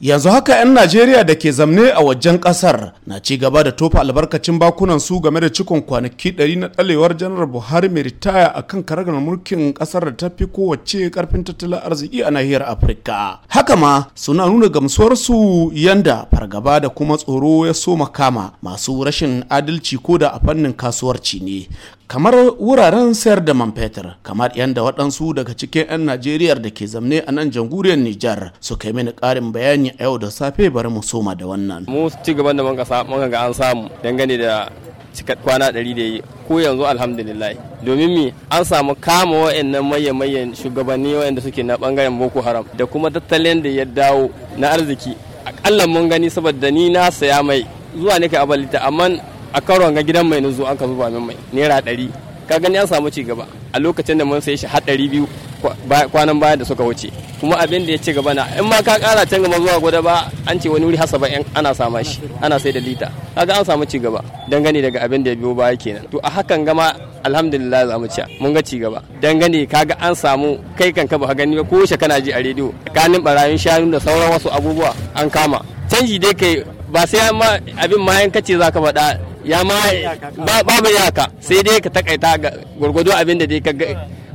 Yanzu haka 'yan Najeriya da ke zamne a wajen kasar na ci gaba da tofa albarkacin bakunan su game da cikon kwanaki 100 na ɗalewar janar Buhari mai ritaya a kan karagar mulkin kasar da ta fi kowace karfin tattalin arziki a nahiyar Afirka. Haka ma suna nuna gamsuwarsu yanda fargaba da kuma tsoro ya so makama masu rashin adalci ko da a fannin kasuwarci ne. kamar wuraren sayar da man fetur kamar yan da waɗansu daga cikin 'yan najeriya da ke zamne a nan jamhuriyar nijar suka yi mini ƙarin bayani a yau da safe bari mu soma da wannan mu ci gaban da mun ga an samu dangane da cika kwana 100 da yi ko yanzu alhamdulillah domin mi an samu kama wa'annan mayan-mayan shugabanni wa'anda suke na bangaren boko haram da kuma tattalin da ya dawo na arziki akalla mun gani saboda ni na saya mai zuwa ne ka abalita amma a karon ga gidan mai na an ka zuba min mai naira ɗari ka gani an samu ci gaba a lokacin da mun sai shi har biyu kwanan baya da suka wuce kuma abin da ya ci gaba na in ma ka kara can gaba zuwa gwada ba an ce wani wuri har saba'in ana sama shi ana sai da lita kaga an samu ci gaba dangane daga abin da ya biyo baya kenan to a hakan gama alhamdulillah za mu ciya mun ga ci gaba dangane kaga an samu kai kanka ba gani ba ko shi kana ji a rediyo kanin barayin shanu da sauran wasu abubuwa an kama canji dai kai ba sai ma abin ma yankace zaka faɗa ya ma babu yaka sai dai ka takaita gurgudu abin da dai ka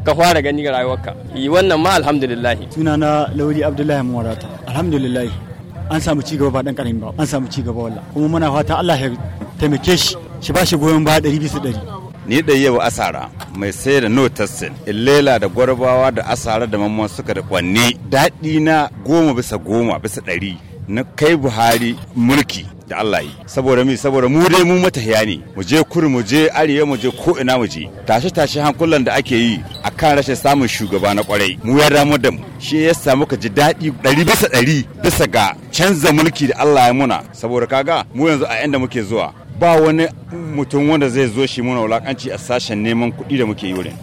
ka fara gani ga rayuwarka yi wannan ma alhamdulillah na lauri abdullahi murata alhamdulillah an samu ci gaba ba dan karamin ba an samu ci gaba walla kuma muna fata Allah ya taimake shi shi ba shi goyon ba 100 bisa 100 ni da yau asara mai sai da notasin illela da gwarbawa da asara da mamman suka da kwanni. daɗi na goma bisa goma bisa ɗari na kai buhari mulki da Allah yi saboda mi saboda mu dai mu matahiya ne mu je kudu mu je arewa mu je ko ina mu je tashe tashi hankulan da ake yi akan rashin samun shugaba na kwarai mu ya damu da mu shi ya samu ka ji daɗi ɗari bisa ɗari bisa ga canza mulki da Allah ya muna saboda kaga mu yanzu a inda muke zuwa ba wani mutum wanda zai zo shi muna wulakanci a sashen neman kuɗi da muke yi wurin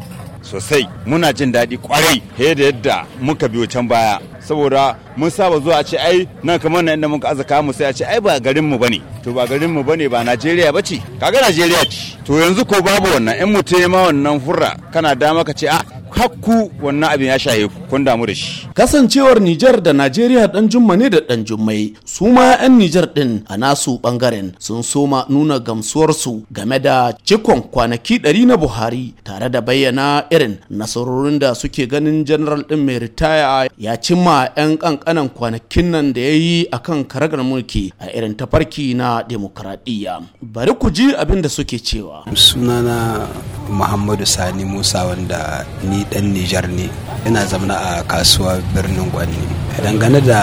sosai muna jin daɗi kwarai fiye da yadda muka biyo can baya saboda mun saba zuwa a ce ai nan kamar na inda muka azaka mu sai a ce ai ba garin mu bane to ba garin mu bane ba Najeriya bace kaga Najeriya ce to yanzu ko babu wannan in mutum ma wannan furra kana dama ka ce a ah, hakku wannan abin ya shaye kun damu da shi kasancewar Nijar da Najeriya dan jumma ne da dan jummai su ma yan Nijar ɗin a nasu ɓangaren, sun soma nuna gamsuwarsu game da cikon kwanaki ɗari na Buhari tare da bayyana irin nasarorin da suke ganin general ɗin mai ritaya ya cimma yan ƙanƙanan kwanakin nan da ya yi a akan karagar mulki a irin tafarki na demokradiyya bari ku ji abin da suke cewa sunana muhammadu sani musa wanda ni dan nijar ne ina zamana a kasuwa birnin gwanni dangane da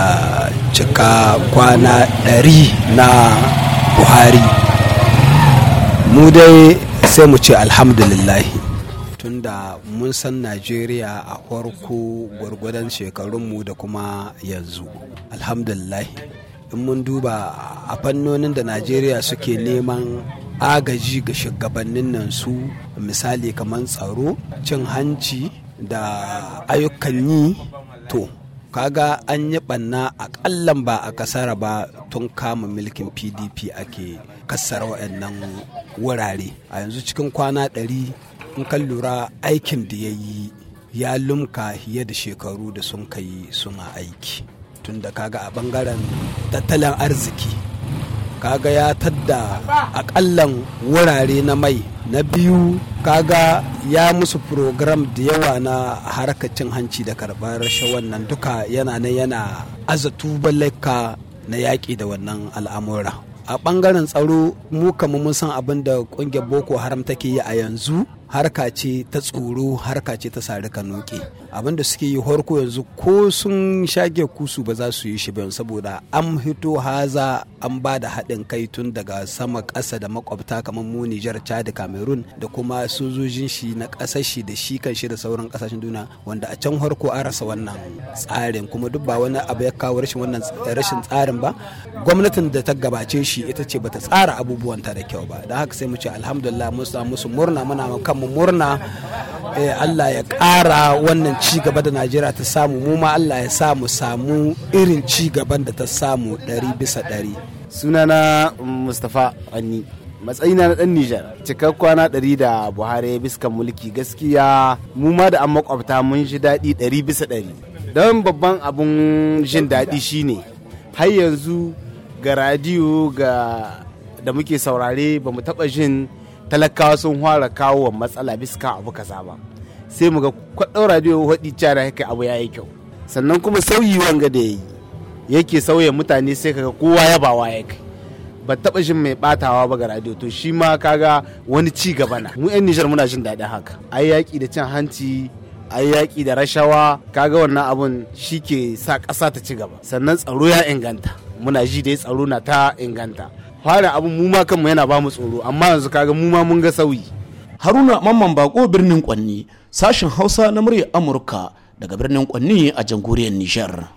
cika kwana ɗari na buhari mu dai sai mu ce alhamdulillahi tunda mun san najeriya a farko gwargwadon shekarunmu da kuma yanzu alhamdulillahi in mun duba a fannonin da najeriya suke neman agaji ga shugabannin nan su misali kamar tsaro cin hanci da ayyukan yi to kaga an yi banna akallan ba a kasara ba tun kama milkin pdp ake kasar waɗannan wurare a yanzu cikin kwana ɗari in kan lura aikin da ya yi ya lumka fiye da shekaru da sun kai suna aiki tunda kaga a bangaren tattalin arziki kaga ya tadda akallan wurare na mai na biyu kaga ya musu program da yawa na harkacin hanci da karɓar rashawan wannan duka yana nan yana aza tubalaka na yaƙi da wannan al'amura a ɓangaren tsaro mu kama mun san abin da ƙungiyar boko haram take yi a yanzu harka ce ta tsoro harka ce ta sari ka noke abin da suke yi harko yanzu ko sun shage kusu ba za su yi shi ba saboda an hito haza an ba da haɗin kai tun daga sama ƙasa da makwabta kamar mu Nijar Chad Cameroon da kuma sojojin shi na ƙasar shi da shi kan shi da sauran ƙasashen duniya wanda a can harko an rasa wannan tsarin kuma duk ba wani abu ya kawo rashin wannan rashin tsarin ba gwamnatin da ta gabace shi ita ce bata tsara abubuwan ta da kyau ba don haka sai mu ce alhamdulillah mun samu musu murna muna kan mu murna eh, Allah ya ƙara wannan ci gaba da Najeriya ta samu mu ma Allah ya sa mu samu irin ci gaban da ta samu ɗari bisa ɗari. Sunana Mustapha Anni. matsayina na dan Nijar cikar kwana ɗari da Buhari ya biskan mulki gaskiya mu ma da an makwabta mun ji daɗi ɗari bisa ɗari don babban abun jin daɗi shine har yanzu ga radiyo ga da muke saurare ba mu taɓa jin talakawa sun fara kawo matsala bisa ka abu kaza ba sai mu ga kwaɗau radio haɗi cara haka abu ya yi kyau sannan kuma sauyi wanga da ya yi yake sauya mutane sai kaga kowa ya bawa ya kai ba taɓa jin mai ɓatawa ba ga radiyo to shi ma kaga wani ci gaba na mu 'yan nijar muna jin daɗin haka ai yaƙi da cin hanci ai yaƙi da rashawa kaga wannan abun shi ke sa ƙasa ta ci gaba sannan tsaro ya inganta muna ji dai tsaro na ta inganta fara abin mu ma kanmu yana ba mu tsoro amma yanzu kaga mu ma mun ga sauyi haruna mamman bako birnin kwanni sashen hausa na murya amurka daga birnin kwanni a jamhuriyar nijar